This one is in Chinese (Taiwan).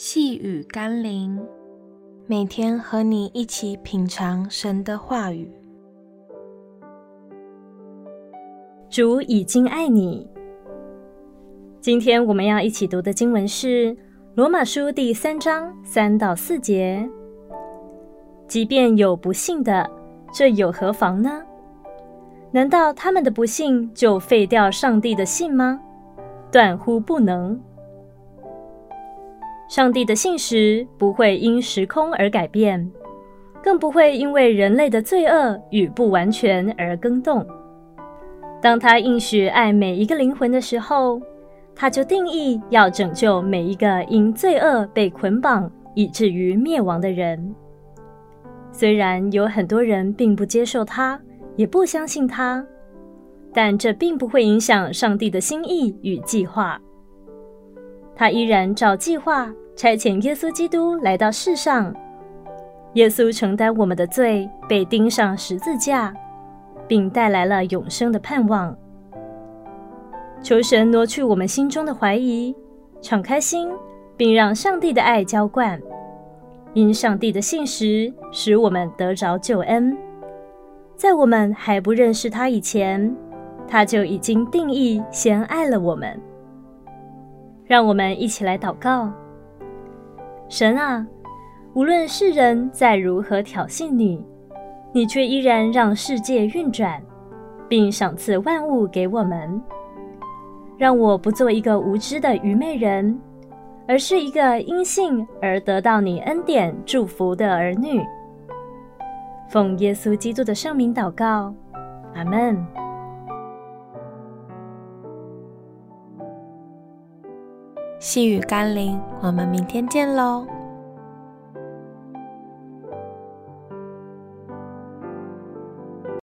細語甘霖，每天和你一起品嘗神的話語。主已經愛你。今天我們要一起讀的經文是《羅馬書》第三章三到四節。即便有不信的，這有何妨呢？難道他們的不信就廢掉上帝的信嗎？斷乎不能。上帝的信實不會因時空而改變，更不會因為人類的罪惡與不完全而更動。當他應許愛每一個靈魂的時候，他就定意要拯救每一個因罪惡被捆綁以至於滅亡的人。雖然有很多人並不接受他，也不相信他，但這並不會影響上帝的心意與計劃。他依然照計劃差遣耶穌基督來到世上，耶穌承擔我們的罪，被釘上十字架，並帶來了永生的盼望。求神挪去我們心中的懷疑，敞開心，並讓上帝的愛澆灌。因上帝的信實，使我們得着救恩。在我們還不認識他以前，他就已經定意先愛了我們。讓我們一起來禱告。神啊，無論世人再如何挑釁你，你卻依然讓世界運轉，並賞賜萬物給我們。讓我不做一個無知的愚昧人，而是一個因信而得到你恩典祝福的兒女。奉耶穌基督的聖名禱告，阿門。細語甘霖，我們明天見嘍。